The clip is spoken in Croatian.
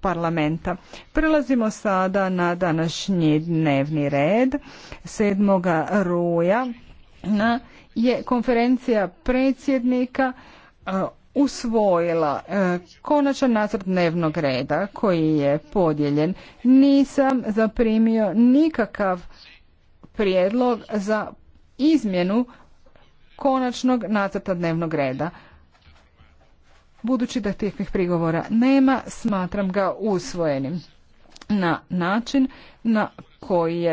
parlamenta. Prelazimo sada na današnji dnevni red. 7. ruja je konferencija predsjednika usvojila e, konačan nacrt dnevnog reda koji je podijeljen. Nisam zaprimio nikakav prijedlog za izmjenu konačnog nacrta dnevnog reda. Budući da takvih prigovora nema, smatram ga usvojenim na način na koji